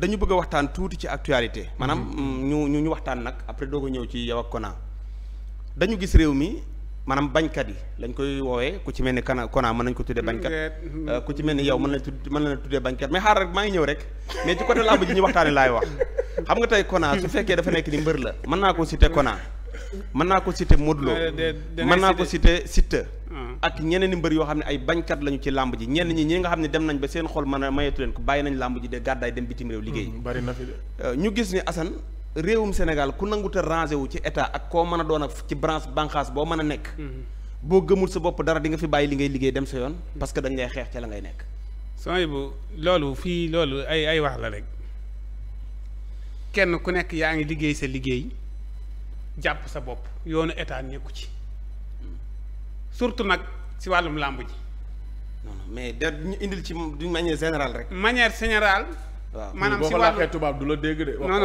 dañu bëgg a waxtaan tuuti ci actualité maanaam mm, ñu ñu ñu waxtaan nag après doo ko ñëw ci yow ak Kona dañu gis réew mi maanaam bañkat yi lañ koy woowee ku ci mel ni Kana Kona mën nañ ko tuddee bañkat hmm. euh, ku ci mel ni yow mën nañ tudd mën nañ tuddee bañkat mais xaar rek maa ngi ñëw rek mais ci côté làmb ji ñu waxtaanee laay wax xam nga tey Kona su fekkee dafa nekk ni mbër la mën naa ko te Kona mën naa ko citer Modou Lo mën naa ko citer Siteu ah. ak ñeneen i mbër yoo xam ne ay bañkat lañu ci làmb ji ñenn ñi ñi nga xam ne dem nañ ba seen xol man a mayetu leen ko bàyyi nañ làmb ji de gàddaay dem bitim réew liggéey hmm, bari euh, ñu gis ni Assane réewum Sénégal ku nangu te wu ci état ak koo mën a doon ak ci branche banqaas boo mën a nekk hmm. boo gëmul sa bopp dara di nga fi bàyyi li ngay liggéey dem sa yoon hmm. parce que dañ lay xeex ca la ngay nekk sony bu loolu fii loolu ay ay wax la kenn ku nekk yaa ngi liggéey sa liggéey jàpp sa bopp yoonu état nekku ci surtout nag si wàllum làmb ji. non mais da ñu indil ci d'une manière générale rek. manière générale. waaw maanaam si wàllu tubaab du la dégg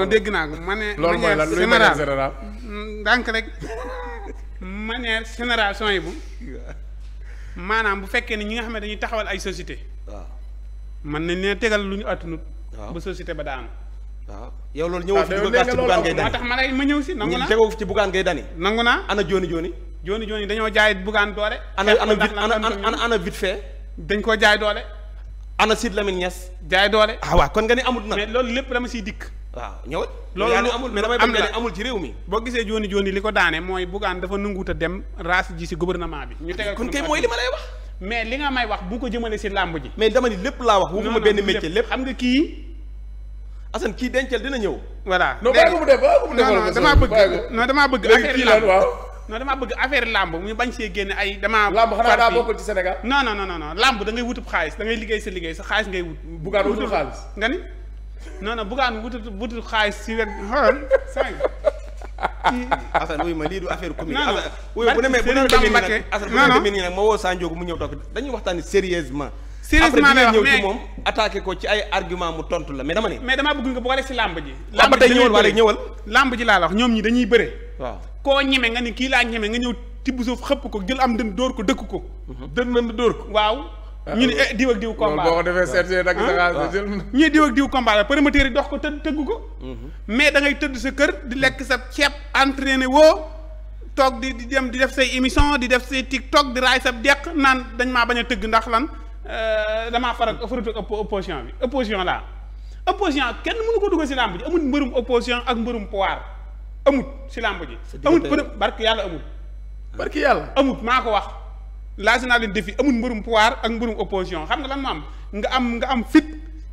dégg naa ko manière. loolu mooy lan luy manière générale mm, ndànk rek manière générale son yi maanaam bu fekkee ne ñi nga xam ne dañuy taxawal ay société waaw mën nañ leen tegal lu ñu attunut. ba société ba daanu. yow loolu ñëwoo ah, fi di ko gas ci bugaan ngay dani ñëw si nangu naa tegoo ci bugaan ngay dani nangu naa ana jooni jooni jooni jooni dañoo jaay bugaan doole ana ana vite fait dañ koo jaay doole ana Sid Lamine Niass jaay doole ah waaw kon nga ne amul nag mais loolu lépp dama siy dikk waaw ñëwal loolu amul mais damay bëgg nga ne mi boo gisee jooni jooni li ko daane mooy bugaan dafa nanguut a dem raas ji si gouvernement bi ñu kon kay mooy li ma lay wax mais li nga may wax bu ko jëmale si làmb ji mais dama ni lépp laa wax waxuma benn métier lépp xam nga kii Assane kii dencal dina ñëw. voilà non bàyyi ko mu def bàyyi ko mu def damaa bëgg non damaa bëgg affaire làmb non damaa bëgg affaire làmb mu bañ see génne ay damaa. làmb xanaa daa bokkul ci Sénégal. non non non non làmb da ngay wutub xaalis da ngay liggéey sa liggéey sa xaalis ngay wut. bugaan wutul xaalis nga ni. non non bugaan wutut xaalis si wet xoolal sànq. Assane wuy ma lii du affaire commune. non non bu demee bu demee Assane bu nii nag ma woo Sanjoogu mu ñëw toog dañuy waxtaani sérieusement sérieusement lay wax mais moom attaqué ko ci ay argument mu tontu la mais dama ne. mais damaa bëgg nga boole si làmb ji. làmb ji dañuy bëre ñëwal làmb ji laa la wax ñoom ñi dañuy bëre. waaw koo ñeme nga ni kii laa ñeme nga ñëw tibb suuf xëpp ko jël am dën dóor ko dëkk ko. Mhm. dën na dóor ko waaw. Ah, ñu ne eh diw ak diw combat boo ko defee seet nag sa jël ñu ne diw ak diw combat la promoteur yi dox ko tëdd tëggu ko. Mhm. mais dangay tëdd sa kër di lekk sa ceeb entraîné woo toog di di dem di def say émission di def say tiktok di raay sa deq naan dañ maa bañ a tëgg ndax lan Euh, damaa faral faratu ak opposition bi opposition laa opposition kenn mënu ko dugal si làmb ji amul mbërum opposition ak mbërum pouvoir amut si làmb ji. amut përëb barki yàlla amut. barki yàlla amut maa ko wax. laaj naa leen defi amul mbërum pouvoir ak mbërum opposition xam nga lan moo am nga am nga am fit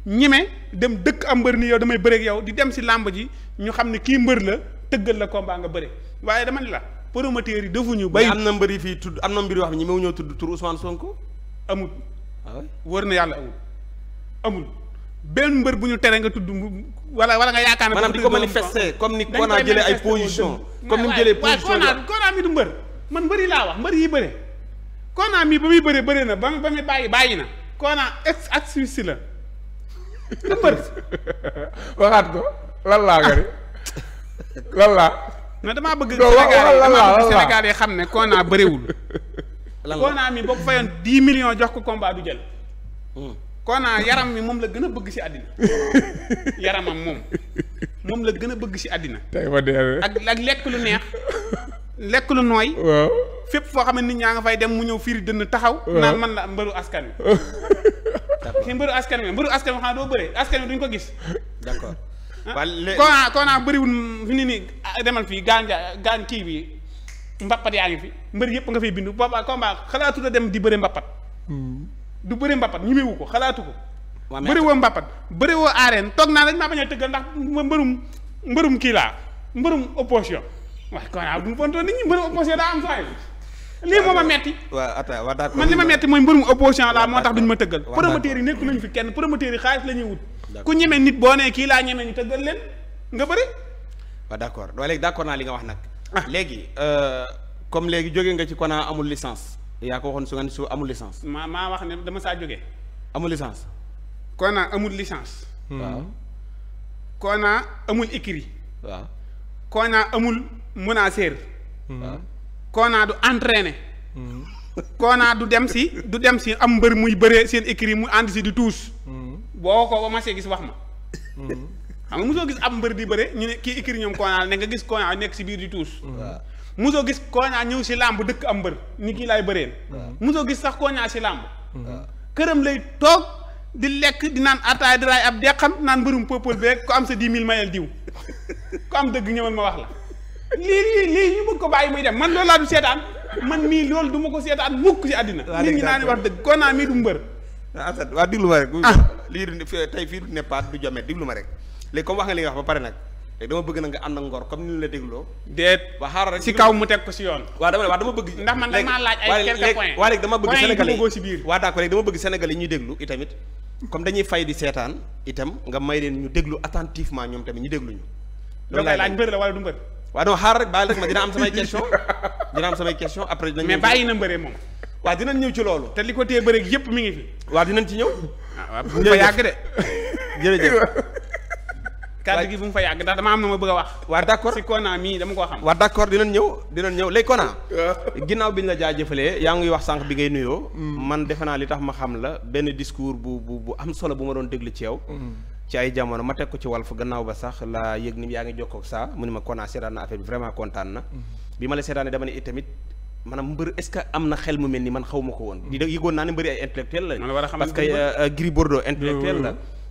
ñeme dem dëkk am mbër ni yow damay bëreeg yow di dem si làmb ji ñu xam ne kii mbër la tëggal la combat nga bëre waaye dama ni la promoteurs yi defuñu. bay am na mbër yi fii tudd am na mbir yoo xam ne ñi ñëw tudd tur Ousmane Sonko amut. Ah wër na yàlla amul amul benn mbër bu ñu tere nga tudd wala wala nga yaakaar ne. maanaam di ko manifester comme ni Kona jëlee ay position comme ni mu jëlee position waaw Kona mi du mbër man mbër yi laa wax mbër yi bëre. Kona mi ba muy bëree bëree na ba ba muy bàyyi bàyyi na Kona ex activiste la du mbër. waxaat ko lan laa nga ne lan laa. non damaa bëgg Sénégal yi damaa bëgg Sénégal yi xam ne Kona bëriwul. lan la Kona mi boo ko fayoon dix jox ko combat du jël. Hmm. Kona yaram mi moom la gën a bëgg si àddina yaramam moom moom la gën a bëgg si àddina. ak lekk lu neex lekk lu nooy. waaw fépp foo xam ne nit ñaa nga fay dem mu ñëw fiiri dënn taxaw. naan man la mbëru askan wi. si mbëru askan wi mbëru askan wi xanaa doo bëree askan wi duñ ko gis. d'accord. Ah. waa léegi Kona Kona nii ah, demal fii ganja gaan kii bi. mbappat yaa ngi fi mbër yëpp nga fay bindu booba combat xalaatu la dem di bëre mbappat hmm. du bëre mbappat ñimewu ko xalaatu ko bëri woo mbappat bëri woo arène toog naa dañ maa bañ a tëggal ndax mbërum mbërum kii laa mbërum opposition waaye kon du bontoon nit ñi mbërum opposition daa am saa yi lii moo ma metti man li ma metti mooy mbërum opposition laa moo tax duñ ma tëggal promoteurs yi nekk nañu fi kenn promoteurs yi xaalis la ñuy wut ku ñeme nit boo nee kii laa ñeme ñu tëggal leen nga bëri waaw d'accord waaye naa li nga wax nag léegi euh, comme léegi jóge nga ci Kona amul licence yaa ko waxoon su ngeen su amul licence. maa maa wax ne dama saa jóge. amul licence. Kona amul licence. Hmm. waaw. Kona amul écrit. waaw. Kona amul menaceur. Hmm. waaw. Kona du entraîné. Hmm. Kona du dem si du dem si am mbër muy bëree seen écrit mu ànd si di tuus. boo ko ba ma gis wax ma. xam nga mosoo gis am mbër di bëre ñu ne kii ikiri ñoom kooñaa ne nga gis kooñaa nekk si biir di tuus mosoo gis kooñaa ñëw si làmb dëkk am mbër ni kii laay bëreen mosoo gis sax kooñaa si làmb këram lay toog di lekk di naan ataay di raay ab deqam naan mbërum peuple bi rek ku am sa dix mille mayel diw ku am dëgg ñëwal ma wax la lii lii lii ñu bëgg ko bàyyi muy dem man loolu laa du seetaan man mii lool duma ma ko seetaan mukk ci àddina nit ñi naa ne wax dëgg kooñaa mii du mbër ah, ah. tey fii du neppaat du jome diglu ma rek léegi comme wax nga li nga wax ba pare nag léegi dama bëgg na nga ànd ngor comme ni la dégloo déet waa xaaral rek si kaw mu teg ko si yoon waaw dama waaw dama bëgg ndax man dama laaj ay quelques points waa léegi dama bëgg sénégalais yi si biir waa d'accord dama bëgg sénégalais yi ñu déglu itamit comme dañuy fay di seetaan itam nga may leen ñu déglu attentivement ñoom tamit ñu déglu ñu loolu laaj mbër la wala du mbër waaw non xaaral rek bàyyi rek ma dina am samay question dina am samay question après dinañ mais bàyyi na mbëree moom waaw dinañ ñëw ci loolu te li ko téye bëreeg yépp mi kàddu gi bu mu fa yàgg ndax dama am na ma bëgg a wax. waa d' accord si Kona mii dama koo xam. waa d' accord ñëw dinañ ñëw léegi Kona. ginnaaw bi yaa ngi wax sànq bi ngay nuyoo. Mm. man defe naa li tax ma xam la benn discours bu bu bu am solo bu ma doon déglu ci yow. Mm. ci ay jamono ma teg ko ci Walf gannaaw ba sax la yëg ni yaa ngi jokkoo ak saa mu ne ma Kona seetaan na affaire vraiment kontaan na. Mm. bi ma la seetaanee dama ne it tamit. maanaam mbër est-ce que am na xel mu mel ni man xaw ma ko woon. di yëgoon naa ne mbëri ay intellectuel la. parce que euh,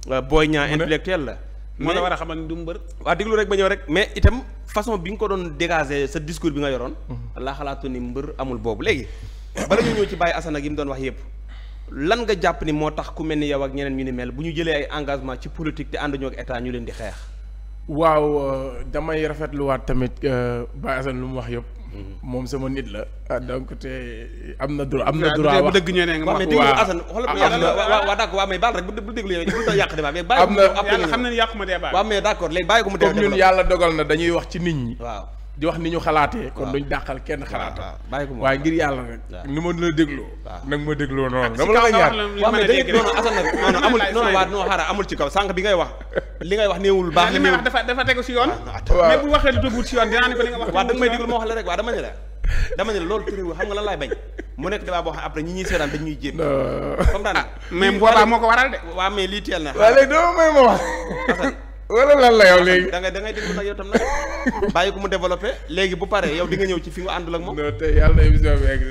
la euh, moo la war a xamal ni du mbër waaw déglu rek ba ñëw rek mais itam façon bi nga ko doon dégager sa discours bi nga yoroon mhm. laa xalaatu ni mbër amul boobu léegi bala ñu ñëw ci Baye Assane ak yi mu doon wax yëpp lan nga jàpp ni moo tax ku mel ni yow ak ñeneen ñu ni mel bu ñu jëlee ay engagement ci politique te ànduñoo ak état ñu leen di xeex waaw euh, damay rafetluwaat tamit euh, Baye Assane lu mu wax yëpp moom sama nit la. Ah, donc te am na droit am na. droit wax bu dëgg ñëwee nga wax waaw Assane xoolal mais baal bu déglu yàq débat mais bàyyi ko. am na yàlla xam nañu yàqu ma mais d'accord bàyyi ko mu. débat comme ñun yàlla dogal na dañuy wax ci nit ñi. waaw di wax ni ñu xalaatee. kon duñ dàqal kenn xalaata. waaye ngir yàlla rek. la dégloo. nag ma dégloo noonu. dama la ñaar waaw mais da ngeen non non amul waa kaw sànq bi ngay wax. li ngay wax néewul baax na néewul li may wax dafa dafa tegu yoon. Ah, mais bu waxee yoon dinaa ne ma wax la rek waaw dama la. la nekk débat boo xam après ñi ñuy seetaan ñuy jéem. comme daan ah, moo ko waral de. waaw mais lii teel na. waaw léegi dama may ma wax wala lan la yow léegi da ngay da nag yow tam nag bàyyi ko mu développé léegi bu paree yow di nga ñëw ci fi nga àndul ak moom non te yàlla na émission bi egg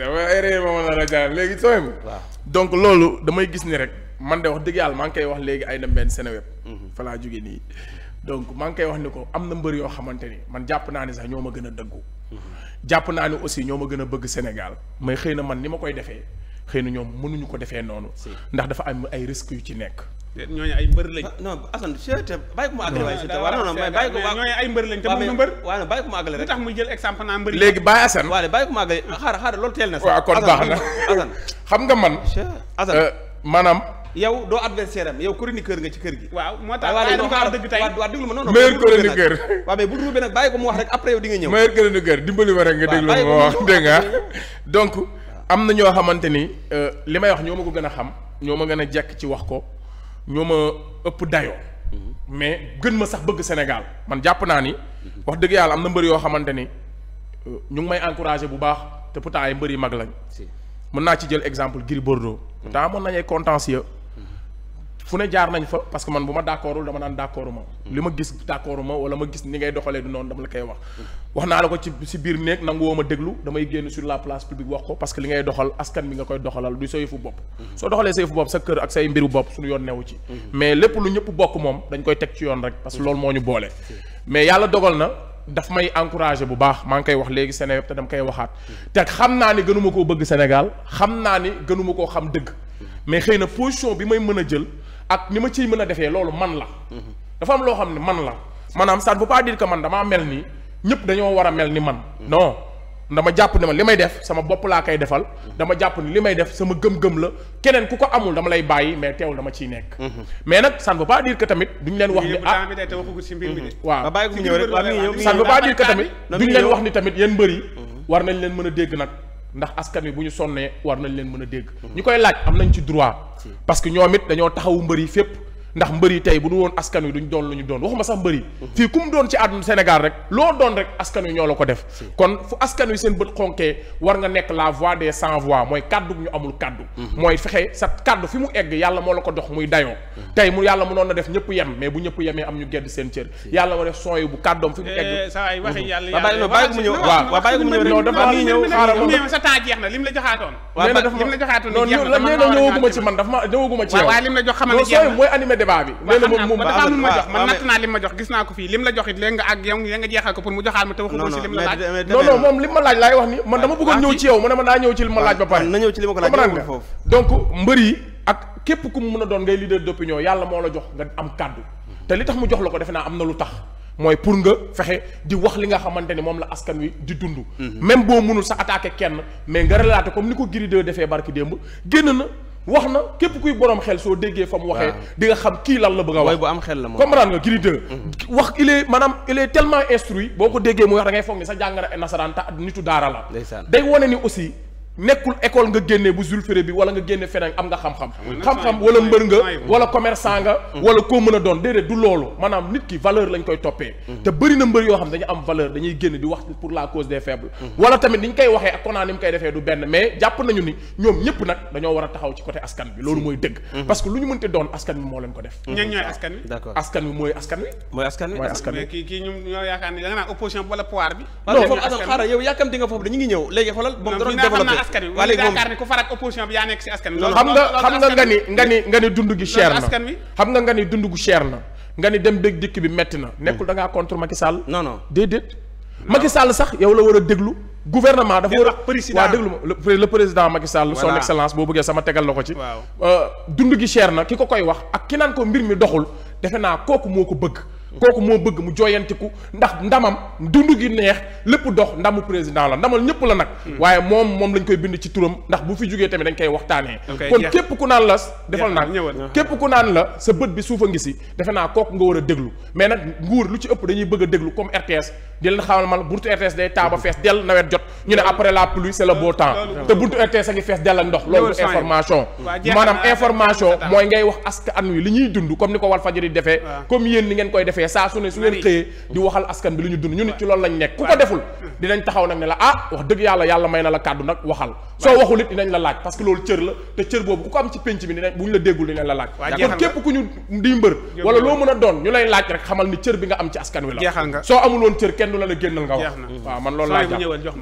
wala léegi sooy bu waaw donc loolu damay gis ni rek man de wax dëgg yàlla maa ngi koy wax léegi ay dem benn Seneweb mhm. jóge nii donc maa koy wax ni ko am na mbër yoo xamante ni man jàpp naa ni sax ñoo ma gën a dëggu mhm. jàpp naa ni aussi ñoo ma gën a bëgg Sénégal mais xëy na man ni ma koy defee xëy na ñoom mënuñu ko defee noonu ndax dafa am ay risques yu ci nekk ñooñu ay mbër léegi bàyyi Assane waaw ko mu àggale xaar xaar loolu teel na sax waaw baax na xam nga man Assane euh, maanaam yow doo adversaire am yow chroniqueur nga ci kër gi waaw moo tax waaye dama kaa dëgg tey waaw déglu ma non non dimbali ma rek nga déglu ma wax dégg nga am na ñoo xamante ni euh, li may wax ñoo ma ko gën a xam ñoo ma gën a jekk ci wax ko ñoo ma ëpp dayoo. mais gën ma sax bëgg Sénégal man jàpp naa ni. wax dëgg yàlla am na mbër yoo xamante ni ñu ngi may encouragé bu baax te pourtant ay mbër yu mag lañ. mën naa ci jël exemple Gris Bordeaux. pourtant amoon nañ ay contentieux fu ne jaar nañ fa parce que man bu ma d'accordul dama naan d'accordu ma mm. li ma gis d'accordu ma wala ma gis ni ngay doxalee du noonu dama la koy wax wax naa la ko ci si biir néeg nangu woo ma déglu damay génn sur la place publique wax ko parce que li ngay doxal askan bi nga koy doxalal du sa yëfu bopp mm. soo doxalee sa yëfu bopp sa kër ak say mbiru bopp suñu yoon newu ci mm. mais lépp lu ñëpp bokk moom dañ koy teg ci yoon rek parce que loolu moo ñu boole mais yàlla dogal na daf may encouragé bu baax maa ngi koy wax léegi Sénégal te dama koy waxaat te xam naa ni gënuma koo bëgg Sénégal xam naa ni gënuma koo xam dëgg mais xëy na position bi may mën a jël ak ni ma ciy mën a defee loolu man la. dafa am loo xam ne man la maanaam ça ne veut pas dire man damaa mel ni ñëpp dañoo war a mel ni man. non dama jàpp ne ma li may def sama bopp laa koy defal. dama jàpp ne li may def sama gëm-gëm la keneen ku ko amul dama lay bàyyi mais teewul dama ciy nekk. mais nag ça ne veut pas dire tamit duñ leen wax ni ah mm-hmm. waaw ça ne veut pas leen wax ni tamit yéen mbër yi war nañ leen mën a dégg nag. ndax askan wi bu ñu sonnee war nañ leen mën a dégg. ñu koy laaj am nañ ci droit. parce que ñoom it dañoo taxawu mbër yi fépp. ndax mbëri tey bu du woon askan wi duñ doon lu doon waxuma sax mbëri fii ku doon ci àdduna Sénégal rek loo doon rek askan wi ñoo la ko def kon fu askan wi seen bët xonkee war nga nekk la voix des sans voix mooy kàddu mhm. fi mu egg yàlla moo la ko dox muy dayoo mhm. débat bi nee na moom ma natt naa li ma jox gis naa ko fii lim la jox it léegi nga ak yow ya nga jeexal ko pour mu joxaat ma te waxu si lim la laaj non moom lim ma laaj laay wax ni man dama bëggoon ñëw ci yow mu naa ñëw ci li ma laaj ba pare na ñëw ci li mbër yi ak képp ku mu mën a doon ngay leader d'opinion yàlla moo la jox nga am kàddu te li tax mu jox la ko defe naa am na lu tax mooy pour nga fexe di wax li nga xamante ni moom la askan wi di dund mhm. même boo mënul sa attaqué kenn mais nga relaté comme ni ko Gris 2 defee na wax na képp kuy borom xel soo déggee fa mu waxee ah. di nga xam kii lan la bëgg a wax bu am xel la moom comprendre nga Gris 2 mhm. wax il est maanaam il est instruit boo ko déggee muy wax da ngay foog ni sa jàngara nasaraan ta nitu daara la day wone ni aussi nekkul école nga génne bu Jules bi wala nga génne feneen am nga xam-xam xam-xam wala mbër nga wala commerçant nga mm-hmm. wala koo mën a doon déedéet du loolu maanaam nit ki valeur lañ koy toppee mm-hmm. te bëri na mbër yoo xam dañu am valeur dañuy génn di wax pour la cause des faibles mm-hmm. wala tamit ni ñu koy waxee ak konaa ni mu koy defee du benn mais jàpp nañu ni ñoom ñëpp nag dañoo war a taxaw ci côté askan bi loolu mooy dëgg parce que lu ñu mënte doon askan bi moo leen ko def ñan ñooy askan wi d'accord askan wi mooy askan wi mooy askan wi mooy askan wi kii kii ñoom ñoo yaakaar ni da nga naan opposition wala pouvoir bi non foofu xaaral yow yàkkamti nga foofu dañu ngi ñëw léegi xoolal moom da doon développé askan wi wala yaakaar ni ku farak opposition bi yaa nekk si askan wi loolu xam nga xam nga nga ni nga ni nga dund gi cher na nga nga ni dund gu cher na nga ni dem dëgg dikk bi metti na nekkul da ngaa contre Macky Sall non non déedéet Macky Sall sax yow la war a déglu guvernement dafa war a waa déglu ma le président Macky Sall son excellence boo bëggee sama tegal la ko ci euh, dund gi cher na ki ko koy wax ak ki naan ko mbir mi doxul defe naa kooku moo ko bëgg kooku moo bëgg mu jooyantiku ndax ndamam dund gi neex lépp dox ndamu président la ndamal ñëpp la nag. Hmm. waaye moom moom lañ koy bind ci turam ndax bu fi jógee tamit dañ koy waxtaanee. kon képp ku naan la defal naa képp ku naan la sa bët bi suufa ngi si defe naa kook nga war a déglu mais nag nguur lu ci ëpp dañuy bëgg a déglu comme RTS di leen xamal man buntu RTS day taaba fees dell nawet jot ñu ne après la pluie c'est le beau te buntu RTS a ngi fees dell ak ndox loolu defee saa su ne su ngeen xëyee di waxal askan bi lu ñu dund ñu nit ci loolu lañ nekk ku ko deful dinañ taxaw nag ne la ah wax dëgg yàlla yàlla may na la kàddu nag waxal soo waxul it dinañ la laaj parce que loolu cër la te cër boobu ku ko am ci pénc bi bu ñu la déggul dinañ la laaj kon képp ku ñu di mbër wala loo mën a doon ñu lay laaj rek xamal ni cër bi nga am ci askan wi la soo amul cër kenn du la la génnal nga wax waaw man loolu laa